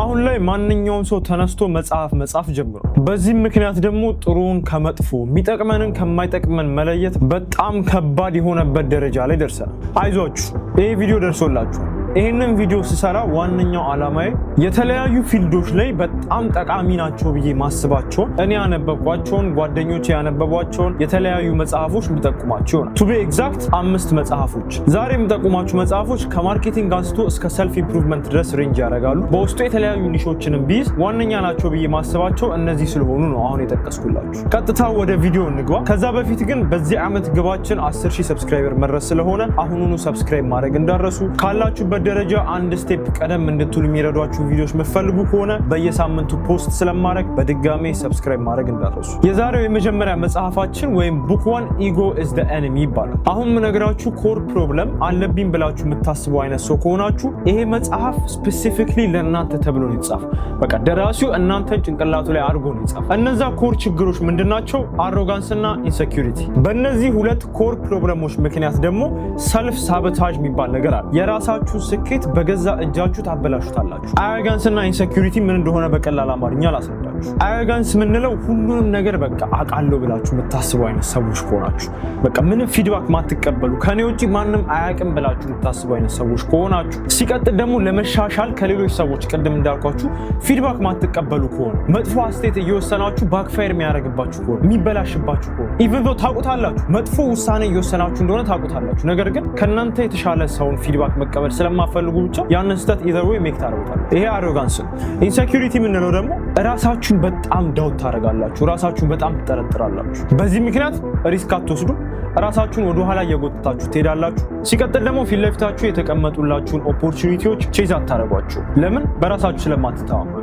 አሁን ላይ ማንኛውም ሰው ተነስቶ መጽሐፍ መጻፍ ጀምሯል። በዚህም ምክንያት ደግሞ ጥሩውን ከመጥፎ የሚጠቅመንን ከማይጠቅመን መለየት በጣም ከባድ የሆነበት ደረጃ ላይ ደርሰናል። አይዟችሁ፣ ይህ ቪዲዮ ደርሶላችሁ ይህንን ቪዲዮ ስሰራ ዋነኛው ዓላማዬ የተለያዩ ፊልዶች ላይ በጣም ጠቃሚ ናቸው ብዬ ማስባቸውን እኔ ያነበብኳቸውን ጓደኞች ያነበቧቸውን የተለያዩ መጽሐፎች ልጠቁማቸው ይሆናል። ቱቤ ኤግዛክት አምስት መጽሐፎች። ዛሬ የምጠቁማቸው መጽሐፎች ከማርኬቲንግ አንስቶ እስከ ሰልፍ ኢምፕሩቭመንት ድረስ ሬንጅ ያደርጋሉ። በውስጡ የተለያዩ ኒሾችንም ቢይዝ ዋነኛ ናቸው ብዬ ማስባቸው እነዚህ ስለሆኑ ነው አሁን የጠቀስኩላችሁ። ቀጥታ ወደ ቪዲዮ እንግባ። ከዛ በፊት ግን በዚህ ዓመት ግባችን 10 ሺህ ሰብስክራይበር መድረስ ስለሆነ አሁኑኑ ሰብስክራይብ ማድረግ እንዳረሱ ካላችሁበት ደረጃ አንድ ስቴፕ ቀደም እንድትሉ የሚረዷችሁ ቪዲዮዎች መፈልጉ ከሆነ በየሳምንቱ ፖስት ስለማድረግ በድጋሜ ሰብስክራይብ ማድረግ እንዳትረሱ። የዛሬው የመጀመሪያ መጽሐፋችን ወይም ቡክ ዋን ኢጎ ኢዝ ደ ኤኒሚ ይባላል። አሁን የምነግራችሁ ኮር ፕሮብለም አለብኝ ብላችሁ የምታስበው አይነት ሰው ከሆናችሁ ይሄ መጽሐፍ ስፔሲፊክሊ ለእናንተ ተብሎ ነው የተጻፈው። በቃ ደራሲው እናንተን ጭንቅላቱ ላይ አድርጎ ነው ይጻፍ። እነዛ ኮር ችግሮች ምንድናቸው? አሮጋንስ አሮጋንስና ኢንሴኪሪቲ። በእነዚህ ሁለት ኮር ፕሮብለሞች ምክንያት ደግሞ ሰልፍ ሳበታጅ የሚባል ነገር አለ። የራሳችሁ ስኬት በገዛ እጃችሁ ታበላሹታላችሁ። አያጋንስና ኢንሴኪሪቲ ምን እንደሆነ በቀላል አማርኛ ላስረዳ። አረጋንስ የምንለው ሁሉንም ነገር በቃ አውቃለሁ ብላችሁ የምታስቡ አይነት ሰዎች ከሆናችሁ በቃ ምንም ፊድባክ ማትቀበሉ ከኔ ውጭ ማንም አያውቅም ብላችሁ የምታስቡ አይነት ሰዎች ከሆናችሁ፣ ሲቀጥል ደግሞ ለመሻሻል ከሌሎች ሰዎች ቅድም እንዳልኳችሁ ፊድባክ ማትቀበሉ ከሆነ መጥፎ አስተያየት እየወሰናችሁ ባክፋየር የሚያደርግባችሁ ከሆነ የሚበላሽባችሁ ከሆነ ኢቨን ታውቁታላችሁ መጥፎ ውሳኔ እየወሰናችሁ እንደሆነ ታውቁታላችሁ። ነገር ግን ከእናንተ የተሻለ ሰውን ፊድባክ መቀበል ስለማፈልጉ ብቻ ያንን ስህተት ኢዘር ወይ ሜክ ታደርጉታላችሁ። ይሄ አሮጋንስ ነው። ኢንሴኪሪቲ የምንለው ደግሞ ራሳችሁን በጣም ዳውት ታደርጋላችሁ፣ ራሳችሁን በጣም ትጠረጥራላችሁ። በዚህ ምክንያት ሪስክ አትወስዱ፣ ወደ ኋላ እየጎተታችሁ ትሄዳላችሁ። ሲቀጥል ደግሞ ፊት ለፊታችሁ የተቀመጡላችሁን ኦፖርቹኒቲዎች ቼዝ አታደርጓችሁ። ለምን? በራሳችሁ ስለማትተማመኑ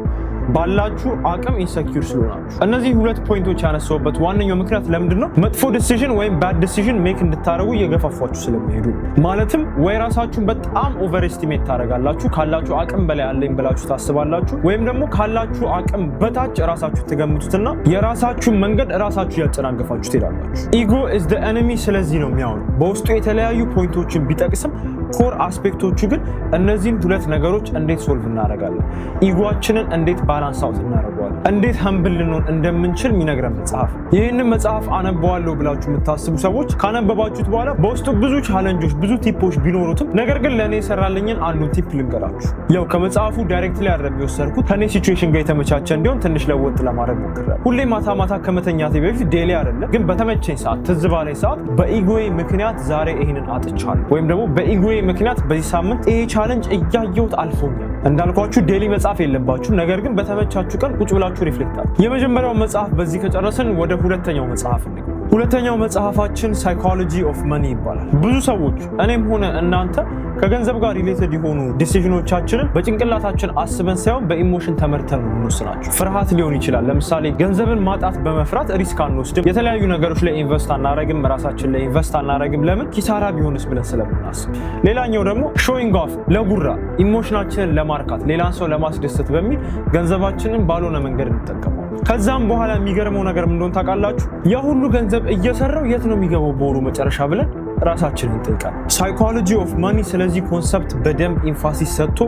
ባላችሁ አቅም ኢንሰኪር ስለሆናችሁ። እነዚህ ሁለት ፖይንቶች ያነሳውበት ዋነኛው ምክንያት ለምንድን ነው? መጥፎ ዲሲዥን ወይም ባድ ዲሲዥን ሜክ እንድታደረጉ እየገፋፏችሁ ስለሚሄዱ ማለትም ወይ ራሳችሁን በጣም ኦቨር ኤስቲሜት ታደረጋላችሁ፣ ካላችሁ አቅም በላይ አለኝ ብላችሁ ታስባላችሁ፣ ወይም ደግሞ ካላችሁ አቅም በታች ራሳችሁ ትገምቱትና የራሳችሁን መንገድ ራሳችሁ እያጨናገፋችሁ ትሄዳላችሁ። ኢጎ ኢዝ ኤኒሚ ስለዚህ ነው የሚያወሩ በውስጡ የተለያዩ ፖይንቶችን ቢጠቅስም ኮር አስፔክቶቹ ግን እነዚህን ሁለት ነገሮች እንዴት ሶልቭ እናደርጋለን፣ ኢጓችንን እንዴት ባላንስ አውት እናደርገዋለን፣ እንዴት ሀምብል ልንሆን እንደምንችል የሚነግረን መጽሐፍ። ይህንን መጽሐፍ አነበዋለሁ ብላችሁ የምታስቡ ሰዎች ካነበባችሁት በኋላ በውስጡ ብዙ ቻለንጆች፣ ብዙ ቲፖች ቢኖሩትም ነገር ግን ለእኔ የሰራልኝን አንዱን ቲፕ ልንገራችሁ። ያው ከመጽሐፉ ዳይሬክት ላይ አድረግ የወሰድኩት ከእኔ ሲቹዌሽን ጋር የተመቻቸ እንዲሆን ትንሽ ለወጥ ለማድረግ ሞክራለሁ። ሁሌ ማታ ማታ ከመተኛቴ በፊት ዴሊ አይደለም ግን በተመቸኝ ሰዓት፣ ትዝ ባለኝ ሰዓት በኢጎዬ ምክንያት ዛሬ ይህንን አጥቻለሁ ወይም ደግሞ በኢጎዬ ምክንያት በዚህ ሳምንት ይሄ ቻለንጅ እያየሁት አልፎኛል። እንዳልኳችሁ ዴሊ መጽሐፍ የለባችሁ፣ ነገር ግን በተመቻችሁ ቀን ቁጭ ብላችሁ ሪፍሌክት የመጀመሪያው መጽሐፍ በዚህ ከጨረስን ወደ ሁለተኛው መጽሐፍ እንግ ሁለተኛው መጽሐፋችን ሳይኮሎጂ ኦፍ መኒ ይባላል። ብዙ ሰዎች እኔም ሆነ እናንተ ከገንዘብ ጋር ሪሌትድ የሆኑ ዲሲዥኖቻችንን በጭንቅላታችን አስበን ሳይሆን በኢሞሽን ተመርተን እንወስናቸው። ፍርሃት ሊሆን ይችላል። ለምሳሌ ገንዘብን ማጣት በመፍራት ሪስክ አንወስድም። የተለያዩ ነገሮች ላይ ኢንቨስት አናረግም፣ ራሳችን ላይ ኢንቨስት አናረግም። ለምን? ኪሳራ ቢሆንስ ብለን ስለምናስብ። ሌላኛው ደግሞ ሾንግ ኦፍ ለጉራ፣ ኢሞሽናችንን ለማርካት ሌላን ሰው ለማስደሰት በሚል ገንዘባችንን ባልሆነ መንገድ እንጠቀመዋል። ከዛም በኋላ የሚገርመው ነገር እንደሆን ታውቃላችሁ? ያ ሁሉ ገንዘብ እየሰራው የት ነው የሚገባው በወሩ መጨረሻ ብለን ራሳችንን እንጠይቃለን። ሳይኮሎጂ ኦፍ ማኒ ስለዚህ ኮንሰፕት በደንብ ኢንፋሲስ ሰጥቶ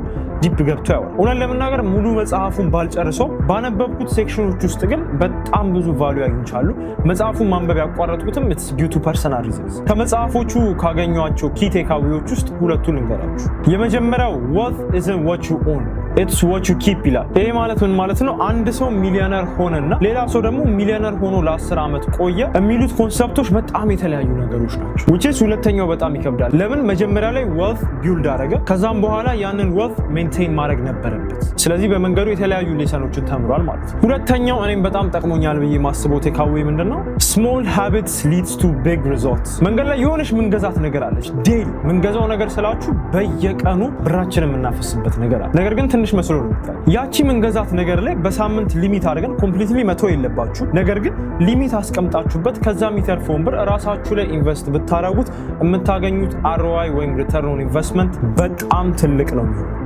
ዲፕ ገብቶ ያወራል። እውነት ለመናገር ሙሉ መጽሐፉን ባልጨርሰው ባነበብኩት ሴክሽኖች ውስጥ ግን በጣም ብዙ ቫሉ አግኝቻሉ። መጽሐፉን ማንበብ ያቋረጥኩትም ኢትስ ዲው ቱ ፐርሰናል ሪዝንስ። ከመጽሐፎቹ ካገኟቸው ኪ ውስጥ ሁለቱ ልንገራችሁ። የመጀመሪያው ዌልዝ ኢዝንት ዋት ዩ ኢትስ ዋት ዩ ኪፕ ይላል። ይሄ ማለት ምን ማለት ነው? አንድ ሰው ሚሊዮነር ሆነና ሌላ ሰው ደግሞ ሚሊዮነር ሆኖ ለአስር ዓመት ቆየ የሚሉት ኮንሰፕቶች በጣም የተለያዩ ነገሮች ናቸው። ውጭስ ሁለተኛው በጣም ይከብዳል። ለምን መጀመሪያ ላይ ዌልት ቢውልድ አደረገ፣ ከዛም በኋላ ያንን ዌልት ሜንቴን ማድረግ ነበረበት። ስለዚህ በመንገዱ የተለያዩ ሌሰኖችን ተምሯል ማለት ነው። ሁለተኛው እኔም በጣም ጠቅሞኛል ብዬ ማስበው ቴካዌ ምንድን ነው? ስሞል ሃቢትስ ሊድስ ቱ ቢግ ሪዞልትስ። መንገድ ላይ የሆነች ምንገዛት ነገር አለች። ዴይሊ ምንገዛው ነገር ስላችሁ በየቀኑ ብራችን የምናፈስበት ነገር አለ። ነገር ግን ትንሽ መስሎ ነው ይታል። ያቺ ምንገዛት ነገር ላይ በሳምንት ሊሚት አድርገን ኮምፕሊትሊ መቶ የለባችሁ። ነገር ግን ሊሚት አስቀምጣችሁበት ከዛ የሚተርፈውን ብር እራሳችሁ ላይ ኢንቨስት ብታደረጉት የምታገኙት አሮዋይ ወይም ሪተርን ኦን ኢንቨስትመንት በጣም ትልቅ ነው።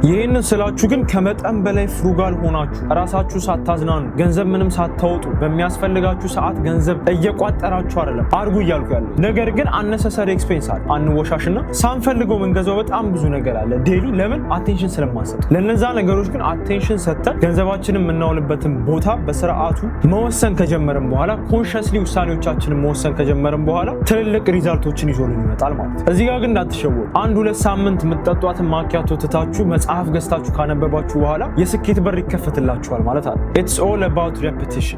ይህንን ስላችሁ ግን ከመጠን በላይ ፍሩጋል ሆናችሁ እራሳችሁ ሳታዝናኑ ገንዘብ ምንም ሳታወጡ በሚያስፈልጋችሁ ሰዓት ገንዘብ እየቋጠራችሁ አይደለም አድርጉ እያልኩ ያለ ነገር ግን አነሰሰሪ ኤክስፔንስ አለ። አንወሻሽና ሳንፈልገው ምንገዛው በጣም ብዙ ነገር አለ ዴሊ። ለምን አቴንሽን ስለማንሰጥ ለነዛ ነገሮች ግን አቴንሽን ሰጥተን ገንዘባችንን የምናውልበትን ቦታ በስርዓቱ መወሰን ከጀመርን በኋላ ኮንሽስሊ ውሳኔዎቻችንን መወሰን ከጀመርን በኋላ ትልልቅ ሪዛልቶችን ይዞልን ይመጣል ማለት ነው። እዚህ ጋር ግን እንዳትሸወዱ። አንድ ሁለት ሳምንት የምትጠጧትን ማኪያቶ ትታችሁ መጽሐፍ ገዝታችሁ ካነበባችሁ በኋላ የስኬት በር ይከፈትላችኋል ማለት አለ። ኢትስ ኦል አባውት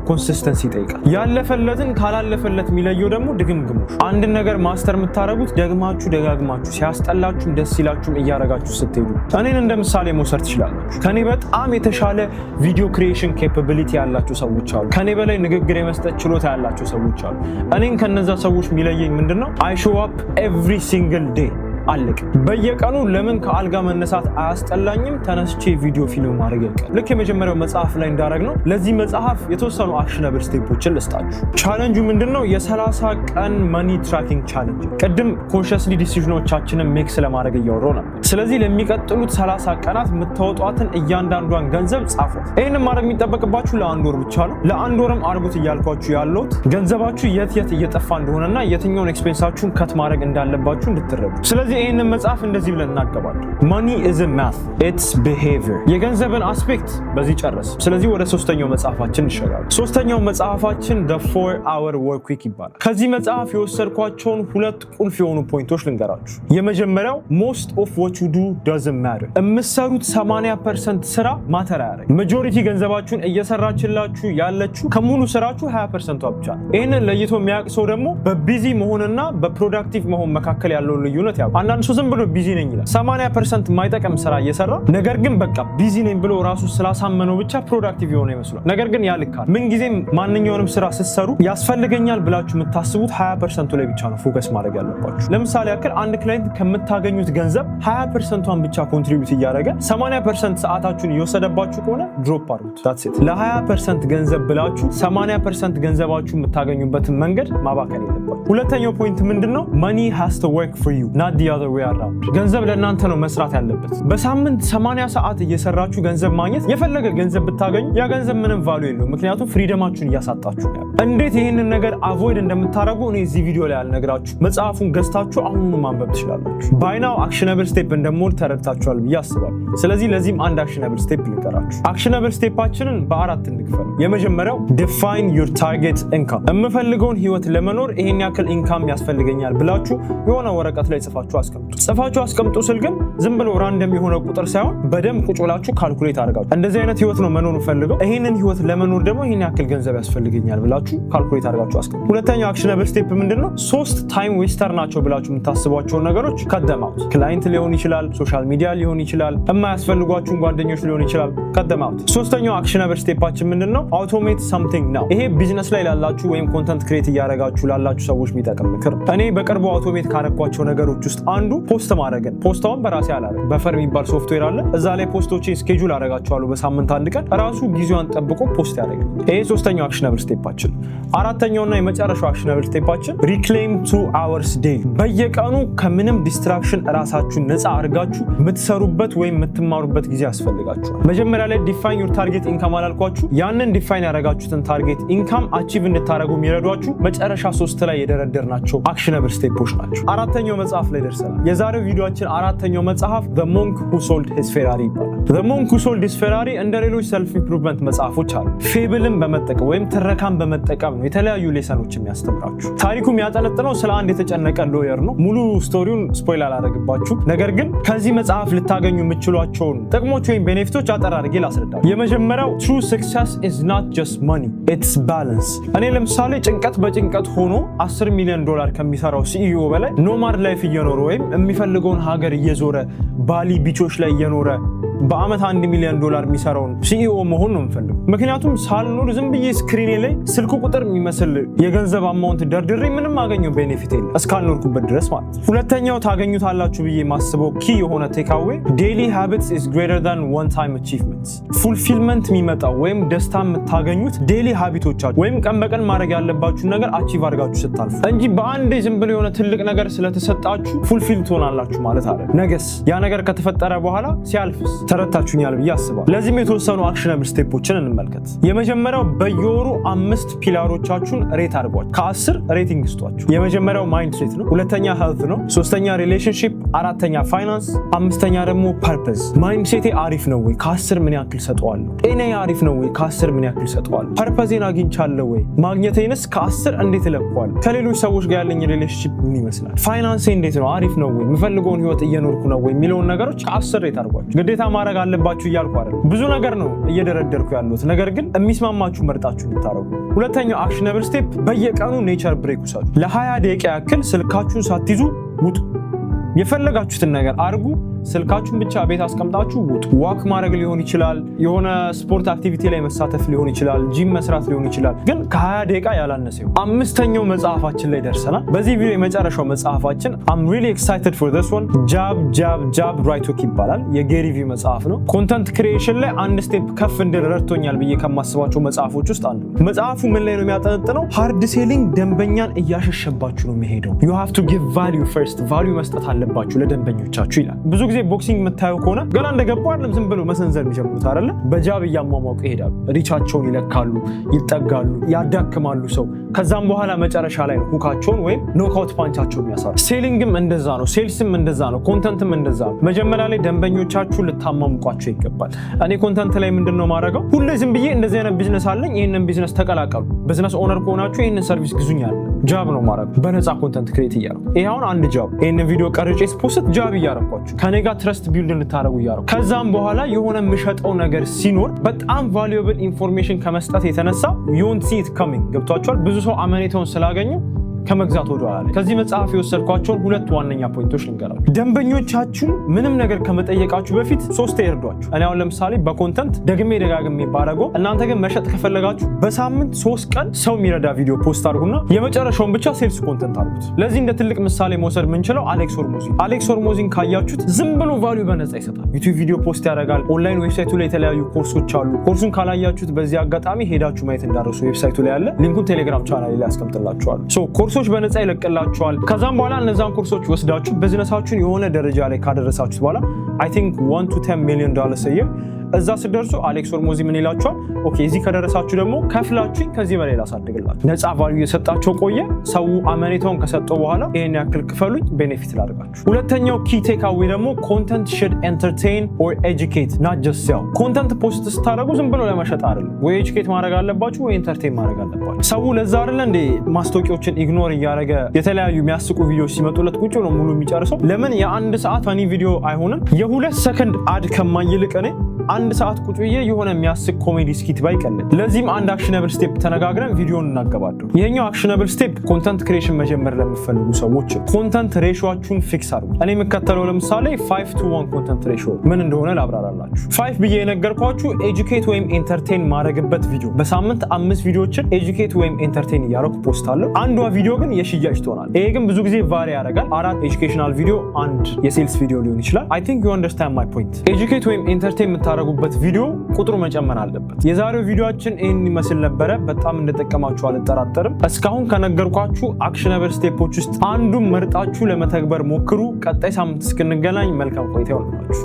ኮንሲስተንሲ ይጠይቃል። ያለፈለትን ካላለፈለት የሚለየው ደግሞ ድግምግሞች። አንድን ነገር ማስተር የምታደርጉት ደግማችሁ ደጋግማችሁ ሲያስጠላችሁም ደስ ይላችሁም እያረጋችሁ ስትሄዱ። እኔን እንደ ምሳሌ መውሰድ ትችላላችሁ። ከኔ በጣም የተሻለ ቪዲዮ ክሪኤሽን ኬፓቢሊቲ ያላቸው ሰዎች አሉ። ከኔ በላይ ንግግር የመስጠት ችሎታ ያላቸው ሰዎች አሉ። እኔን ከነዛ ሰዎች የሚለየኝ ምንድን ነው? አይ ሾው አፕ ኤቭሪ ሲንግል ዴይ አለቅ በየቀኑ ለምን ከአልጋ መነሳት አያስጠላኝም? ተነስቼ ቪዲዮ ፊልም ማድረግ ያልቃል። ልክ የመጀመሪያው መጽሐፍ ላይ እንዳደረግ ነው። ለዚህ መጽሐፍ የተወሰኑ አክሽነብል ስቴፖችን ልስጣችሁ። ቻለንጁ ምንድን ነው? የ30 ቀን መኒ ትራኪንግ ቻለንጅ። ቅድም ኮንሽስሊ ዲሲዥኖቻችንን ሜክስ ለማድረግ እያወራሁ ነበር። ስለዚህ ለሚቀጥሉት 30 ቀናት የምታወጧትን እያንዳንዷን ገንዘብ ጻፏት። ይህንም ማድረግ የሚጠበቅባችሁ ለአንድ ወር ብቻ ነው። ለአንድ ወርም አድርጉት እያልኳችሁ ያለሁት ገንዘባችሁ የት የት እየጠፋ እንደሆነና የትኛውን ኤክስፔንሳችሁን ከት ማድረግ እንዳለባችሁ እንድትረዱ ስለዚህ ስለዚህ ይህንን መጽሐፍ እንደዚህ ብለን እናገባለን። ማኒ ኢዝ ማት ኢትስ ቢሄቪየር የገንዘብን አስፔክት በዚህ ጨረስ። ስለዚህ ወደ ሶስተኛው መጽሐፋችን ይሸጋል። ሶስተኛው መጽሐፋችን ደ ፎር አወር ወርክ ዊክ ይባላል። ከዚህ መጽሐፍ የወሰድኳቸውን ሁለት ቁልፍ የሆኑ ፖይንቶች ልንገራችሁ። የመጀመሪያው ሞስት ኦፍ ዋት ዩ ዱ ዳዝንት ማተር፣ የምትሰሩት 80 ፐርሰንት ስራ ማተር አያደርግ። መጆሪቲ ገንዘባችሁን እየሰራችላችሁ ያለችሁ ከሙሉ ስራችሁ 20 ፐርሰንቷ ብቻ። ይህንን ለይቶ የሚያውቅ ሰው ደግሞ በቢዚ መሆንና በፕሮዳክቲቭ መሆን መካከል ያለውን ልዩነት ያውቃል። አንዳንድ ሰው ዝም ብሎ ቢዚ ነኝ ይላል። 80 ፐርሰንት የማይጠቅም ስራ እየሰራ ነገር ግን በቃ ቢዚ ነኝ ብሎ ራሱ ስላሳመነው ብቻ ፕሮዳክቲቭ የሆነ ይመስላል። ነገር ግን ያልካል። ምንጊዜም ማንኛውንም ስራ ስትሰሩ ያስፈልገኛል ብላችሁ የምታስቡት 20 ፐርሰንቱ ላይ ብቻ ነው ፎከስ ማድረግ ያለባችሁ። ለምሳሌ ያክል አንድ ክላይንት ከምታገኙት ገንዘብ 20 ፐርሰንቷን ብቻ ኮንትሪቢዩት እያደረገ 80 ፐርሰንት ሰዓታችሁን እየወሰደባችሁ ከሆነ ድሮፕ አድርጉት። ዳትሴት ለ20 ፐርሰንት ገንዘብ ብላችሁ 80 ፐርሰንት ገንዘባችሁ የምታገኙበትን መንገድ ማባከን የለባችሁ። ሁለተኛው ፖይንት ምንድን ነው? መኒ ሃስ ቱ ወርክ ፎር ዩ ናት other way around። ገንዘብ ለእናንተ ነው መስራት ያለበት። በሳምንት 80 ሰዓት እየሰራችሁ ገንዘብ ማግኘት የፈለገ ገንዘብ ብታገኙ ያ ገንዘብ ምንም ቫሉ የለው፣ ምክንያቱም ፍሪደማችሁን እያሳጣችሁ እንዴት ይህንን ነገር አቮይድ እንደምታደርጉ እኔ እዚህ ቪዲዮ ላይ አልነግራችሁ። መጽሐፉን ገዝታችሁ አሁኑ ማንበብ ትችላላችሁ። ባይናው አክሽነብል ስቴፕ እንደምሆን ተረድታችኋል ብዬ አስባለሁ። ስለዚህ ለዚህም አንድ አክሽነብል ስቴፕ ልንገራችሁ። አክሽነብል ስቴፓችንን በአራት እንክፈል። የመጀመሪያው ዲፋይን ዩር ታርጌት ኢንካም። የምፈልገውን ህይወት ለመኖር ይሄን ያክል ኢንካም ያስፈልገኛል ብላችሁ የሆነ ወረቀት ላይ ጽፋችሁ አስቀምጡ። ጽፋችሁ አስቀምጡ ስል ግን ዝም ብሎ ራንደም የሆነ ቁጥር ሳይሆን በደንብ ቁጭ ብላችሁ ካልኩሌት አድርጋችሁ እንደዚህ አይነት ህይወት ነው መኖር ፈልገው፣ ይህንን ህይወት ለመኖር ደግሞ ይህን ያክል ገንዘብ ያስፈልገኛል ብላችሁ ካልኩሌት አድርጋችሁ አስቀምጡ። ሁለተኛው አክሽነብል ስቴፕ ምንድን ነው? ሶስት ታይም ዌስተር ናቸው ብላችሁ የምታስቧቸውን ነገሮች ከደማውት ክላይንት ሊሆን ይችላል፣ ሶሻል ሚዲያ ሊሆን ይችላል፣ የማያስፈልጓችሁን ጓደኞች ሊሆን ይችላል። ከደማውት ሶስተኛው አክሽነብል ስቴፓችን ምንድን ነው? አውቶሜት ሳምቲንግ ነው። ይሄ ቢዝነስ ላይ ላላችሁ ወይም ኮንተንት ክሬት እያደረጋችሁ ላላችሁ ሰዎች የሚጠቅም ምክር። እኔ በቅርቡ አውቶሜት ካረኳቸው ነገሮች ውስጥ አንዱ ፖስት ማድረግን። ፖስታውን በራሴ አላረ በፈር የሚባል ሶፍትዌር አለ። እዛ ላይ ፖስቶችን ስኬጁል አረጋቸዋሉ በሳምንት አንድ ቀን ራሱ ጊዜዋን ጠብቆ ፖስት ያደርጋል። ይሄ ሶስተኛው አክሽነብል ስቴፓችን። አራተኛውና የመጨረሻው አክሽነብል ስቴፓችን ሪክሌም ቱ አወርስ ዴይ። በየቀኑ ከምንም ዲስትራክሽን ራሳችሁን ነፃ አድርጋችሁ የምትሰሩበት ወይም የምትማሩበት ጊዜ ያስፈልጋችኋል። መጀመሪያ ላይ ዲፋይን ዩር ታርጌት ኢንካም አላልኳችሁ? ያንን ዲፋይን ያደረጋችሁትን ታርጌት ኢንካም አቺቭ እንድታደረጉ የሚረዷችሁ መጨረሻ ሶስት ላይ የደረደርናቸው አክሽነብል ስቴፖች ናቸው። አራተኛው መጽሐፍ ላይ ደርስ ደርሰናል። የዛሬው ቪዲዮችን አራተኛው መጽሐፍ ዘ ሞንክ ሁ ሶልድ ሂዝ ፌራሪ ይባላል። ዘ ሞንክ ሁ ሶልድ ሂዝ ፌራሪ እንደ ሌሎች ሰልፍ ኢምፕሩቭመንት መጽሐፎች አሉ። ፌብልን በመጠቀም ወይም ትረካን በመጠቀም ነው የተለያዩ ሌሰኖች የሚያስተምራችሁ። ታሪኩ የሚያጠነጥነው ስለ አንድ የተጨነቀ ሎየር ነው። ሙሉ ስቶሪውን ስፖይል አላደርግባችሁ፣ ነገር ግን ከዚህ መጽሐፍ ልታገኙ የምችሏቸውን ጥቅሞች ወይም ቤኔፊቶች አጠር አድርጌ ላስረዳችሁ። የመጀመሪያው ትሩ ስክሰስ ኢዝ ናት ጀስት መኒ ኢትስ ባላንስ። እኔ ለምሳሌ ጭንቀት በጭንቀት ሆኖ 10 ሚሊዮን ዶላር ከሚሰራው ሲኢኦ በላይ ኖማድ ላይፍ እየኖረ ወይም የሚፈልገውን ሀገር እየዞረ ባሊ ቢቾች ላይ እየኖረ በአመት አንድ ሚሊዮን ዶላር የሚሰራውን ሲኢኦ መሆን ነው የምፈልገው። ምክንያቱም ሳልኖር ዝም ብዬ ስክሪኔ ላይ ስልክ ቁጥር የሚመስል የገንዘብ አማውንት ደርድሬ ምንም አገኘው ቤኔፊት የለ እስካልኖርኩበት ድረስ ማለት። ሁለተኛው ታገኙታላችሁ ብዬ ማስበው ኪ የሆነ ቴካዌ ዴይሊ ሃቢትስ ኢዝ ግሬተር ዋን ታይም አቺቭመንትስ። ፉልፊልመንት የሚመጣው ወይም ደስታ የምታገኙት ዴይሊ ሃቢቶቻችሁ ወይም ቀን በቀን ማድረግ ያለባችሁን ነገር አቺቭ አድርጋችሁ ስታልፉ እንጂ በአንዴ ዝም ብሎ የሆነ ትልቅ ነገር ስለተሰጣችሁ ፉልፊል ትሆናላችሁ ማለት አለ። ነገስ ያ ነገር ከተፈጠረ በኋላ ሲያልፍስ ተረታችሁኛል ብዬ አስባለሁ። ለዚህም የተወሰኑ አክሽነብል ስቴፖችን እንመልከት። የመጀመሪያው በየወሩ አምስት ፒላሮቻችሁን ሬት አድርጓቸው፣ ከአስር ሬቲንግ ስጧቸው። የመጀመሪያው ማይንድ ሴት ነው፣ ሁለተኛ ሄልት ነው፣ ሶስተኛ ሪሌሽንሺፕ፣ አራተኛ ፋይናንስ፣ አምስተኛ ደግሞ ፐርፐዝ። ማይንድ ሴቴ አሪፍ ነው ወይ ከአስር ምን ያክል ሰጠዋለሁ? ጤናዬ አሪፍ ነው ወይ ከአስር ምን ያክል ሰጠዋለሁ? ፐርፐዜን አግኝቻለሁ ወይ? ማግኘቴንስ ከአስር እንዴት እለኳለሁ? ከሌሎች ሰዎች ጋር ያለኝ ሪሌሽንሺፕ ምን ይመስላል? ፋይናንሴ እንዴት ነው? አሪፍ ነው ወይ? የምፈልገውን ህይወት እየኖርኩ ነው ወይ? የሚለውን ነገሮች ከአስር ሬት አድርጓቸው ግዴታ ማድረግ አለባችሁ እያልኩ አይደል። ብዙ ነገር ነው እየደረደርኩ ያሉት፣ ነገር ግን የሚስማማችሁ መርጣችሁ እንታረጉ። ሁለተኛው አክሽነብል ስቴፕ በየቀኑ ኔቸር ብሬክ ውሰዱ። ለ20 ደቂቃ ያክል ስልካችሁን ሳትይዙ ውጡ። የፈለጋችሁትን ነገር አድርጉ። ስልካችሁን ብቻ ቤት አስቀምጣችሁ ውጡ። ዋክ ማድረግ ሊሆን ይችላል፣ የሆነ ስፖርት አክቲቪቲ ላይ መሳተፍ ሊሆን ይችላል፣ ጂም መስራት ሊሆን ይችላል። ግን ከ20 ደቂቃ ያላነሰ ይሁን። አምስተኛው መጽሐፋችን ላይ ደርሰናል። በዚህ ቪዲዮ የመጨረሻው መጽሐፋችን አም ሪሊ ኤክሳይትድ ፎር ዚስ ዋን ጃብ ጃብ ጃብ ራይት ሁክ ይባላል። የጌሪ ቪ መጽሐፍ ነው። ኮንተንት ክሪኤሽን ላይ አንድ ስቴፕ ከፍ እንድል ረድቶኛል ብዬ ከማስባቸው መጽሐፎች ውስጥ አንዱ። መጽሐፉ ምን ላይ ነው የሚያጠነጥነው? ሃርድ ሴሊንግ ደንበኛን እያሸሸባችሁ ነው የሚሄደው። ዩ ሃቭ ቱ ጊቭ ቫልዩ ፈርስት፣ ቫልዩ መስጠት አለባችሁ ለደንበኞቻችሁ ይላል። ብዙ ጊዜ ጊዜ ቦክሲንግ የምታየው ከሆነ ገና እንደገቡ አይደለም ዝም ብሎ መሰንዘር የሚጀምሩት አይደለ? በጃብ እያሟሟቁ ይሄዳሉ። ሪቻቸውን ይለካሉ፣ ይጠጋሉ፣ ያዳክማሉ ሰው። ከዛም በኋላ መጨረሻ ላይ ሁካቸውን ወይም ኖካውት ፓንቻቸው የሚያሳሩ። ሴሊንግም እንደዛ ነው፣ ሴልስም እንደዛ ነው፣ ኮንተንትም እንደዛ ነው። መጀመሪያ ላይ ደንበኞቻችሁ ልታማምቋቸው ይገባል። እኔ ኮንተንት ላይ ምንድን ነው ማድረገው? ሁሌ ዝም ብዬ እንደዚህ አይነት ቢዝነስ አለኝ፣ ይህንን ቢዝነስ ተቀላቀሉ፣ ቢዝነስ ኦነር ከሆናችሁ ይህንን ሰርቪስ ግዙኛል ጃብ ነው ማድረግ። በነፃ ኮንተንት ክሬት እያደረኩ ይህ አሁን አንድ ጃብ፣ ይህንን ቪዲዮ ቀርጬ ስፖስት ጃብ እያረኳቸው ከኔ ጋር ትረስት ቢልድ እንድታደረጉ እያረኩ ከዛም በኋላ የሆነ የምሸጠው ነገር ሲኖር በጣም ቫሉብል ኢንፎርሜሽን ከመስጠት የተነሳ ዩንት ሲ ኢት ገብቷቸዋል። ብዙ ሰው አመኔታውን ስላገኘ ከመግዛት ወደ ኋላ። ከዚህ መጽሐፍ የወሰድኳቸውን ሁለት ዋነኛ ፖይንቶች ልንገራል። ደንበኞቻችሁን ምንም ነገር ከመጠየቃችሁ በፊት ሶስት ይርዷችሁ። እኔ አሁን ለምሳሌ በኮንተንት ደግሜ ደጋግሜ ባረገው፣ እናንተ ግን መሸጥ ከፈለጋችሁ በሳምንት ሶስት ቀን ሰው የሚረዳ ቪዲዮ ፖስት አድርጉና የመጨረሻውን ብቻ ሴልስ ኮንተንት አድርጉት። ለዚህ እንደ ትልቅ ምሳሌ መውሰድ የምንችለው አሌክስ ሆርሞዚን። አሌክስ ሆርሞዚን ካያችሁት ዝም ብሎ ቫሊዩ በነጻ ይሰጣል። ዩቲዩብ ቪዲዮ ፖስት ያደርጋል። ኦንላይን ዌብሳይቱ ላይ የተለያዩ ኮርሶች አሉ። ኮርሱን ካላያችሁት በዚህ አጋጣሚ ሄዳችሁ ማየት እንዳደረሱ ዌብሳይቱ ላይ ያለ ሊንኩን ቴሌግራም ቻናል ላይ ያስቀምጥላችኋል። ኮርሱ ኮርሶች በነፃ ይለቅላችኋል። ከዛም በኋላ እነዛን ኮርሶች ወስዳችሁ ቢዝነሳችሁን የሆነ ደረጃ ላይ ካደረሳችሁት በኋላ አይ ቲንክ ዋን ቱ ቴን ሚሊዮን ዶላርስ እዛ ስደርሱ አሌክስ ኦርሞዚ ምን ይላቸዋል? ኦኬ እዚህ ከደረሳችሁ ደግሞ ከፍላችሁኝ ከዚህ በላይ ላሳድግላችሁ። ነፃ ቫሉ የሰጣቸው ቆየ። ሰው አመኔታውን ከሰጠው በኋላ ይህን ያክል ክፈሉኝ፣ ቤኔፊት ላድርጋችሁ። ሁለተኛው ኪ ቴካዌ ደግሞ ኮንተንት ሽድ ኤንተርቴን ኦር ኤጁኬት ናት ጀስት ሴል። ኮንተንት ፖስት ስታደረጉ ዝም ብሎ ለመሸጥ አይደለም። ወይ ኤጁኬት ማድረግ አለባችሁ ወይ ኤንተርቴን ማድረግ አለባችሁ። ሰው ለዛ አይደለ እንዴ ማስታወቂያዎችን ኢግኖር እያደረገ የተለያዩ የሚያስቁ ቪዲዮዎች ሲመጡለት ቁጭ ነው ሙሉ የሚጨርሰው። ለምን የአንድ ሰዓት ፈኒ ቪዲዮ አይሆንም? የሁለት ሰከንድ አድ ከማይልቅ እኔ አንድ ሰዓት ቁጭ ብዬ የሆነ የሚያስቅ ኮሜዲ ስኪት ባይ ለዚህም አንድ አክሽነብል ስቴፕ ተነጋግረን ቪዲዮን እናገባለሁ። ይሄኛው አክሽነብል ስቴፕ ኮንተንት ክሬሽን መጀመር ለምፈልጉ ሰዎች ኮንተንት ሬሽዋችሁን ፊክስ አድርጉ። እኔ የምከተለው ለምሳሌ ፋይቭ ቱ ዋን ኮንተንት ሬሾ ምን እንደሆነ ላብራራላችሁ። ፋይቭ ብዬ የነገርኳችሁ ኤጁኬት ወይም ኤንተርቴን ማድረግበት ቪዲዮ በሳምንት አምስት ቪዲዮችን ኤጁኬት ወይም ኤንተርቴን እያደረኩ ፖስት አለሁ። አንዷ ቪዲዮ ግን የሽያጭ ትሆናል። ይሄ ግን ብዙ ጊዜ ቫሪ ያደርጋል። አራት ኤጁኬሽናል ቪዲዮ፣ አንድ የሴልስ ቪዲዮ ሊሆን ይችላል። አይ ቲንክ ዩ አንደርስታንድ ማይ ፖይንት። ኤጁኬት ወይም ኤንተርቴን የምታደርጉበት ቪዲዮ ቁጥሩ መጨመር አለበት። የዛሬው ቪዲዮችን ይህን ይመስል ነበረ። በጣም እንደጠቀማችሁ አልጠራጠርም። እስካሁን ከነገርኳችሁ አክሽነብል ስቴፖች ውስጥ አንዱን መርጣችሁ ለመተግበር ሞክሩ። ቀጣይ ሳምንት እስክንገናኝ መልካም ቆይታ ይሆንላችሁ።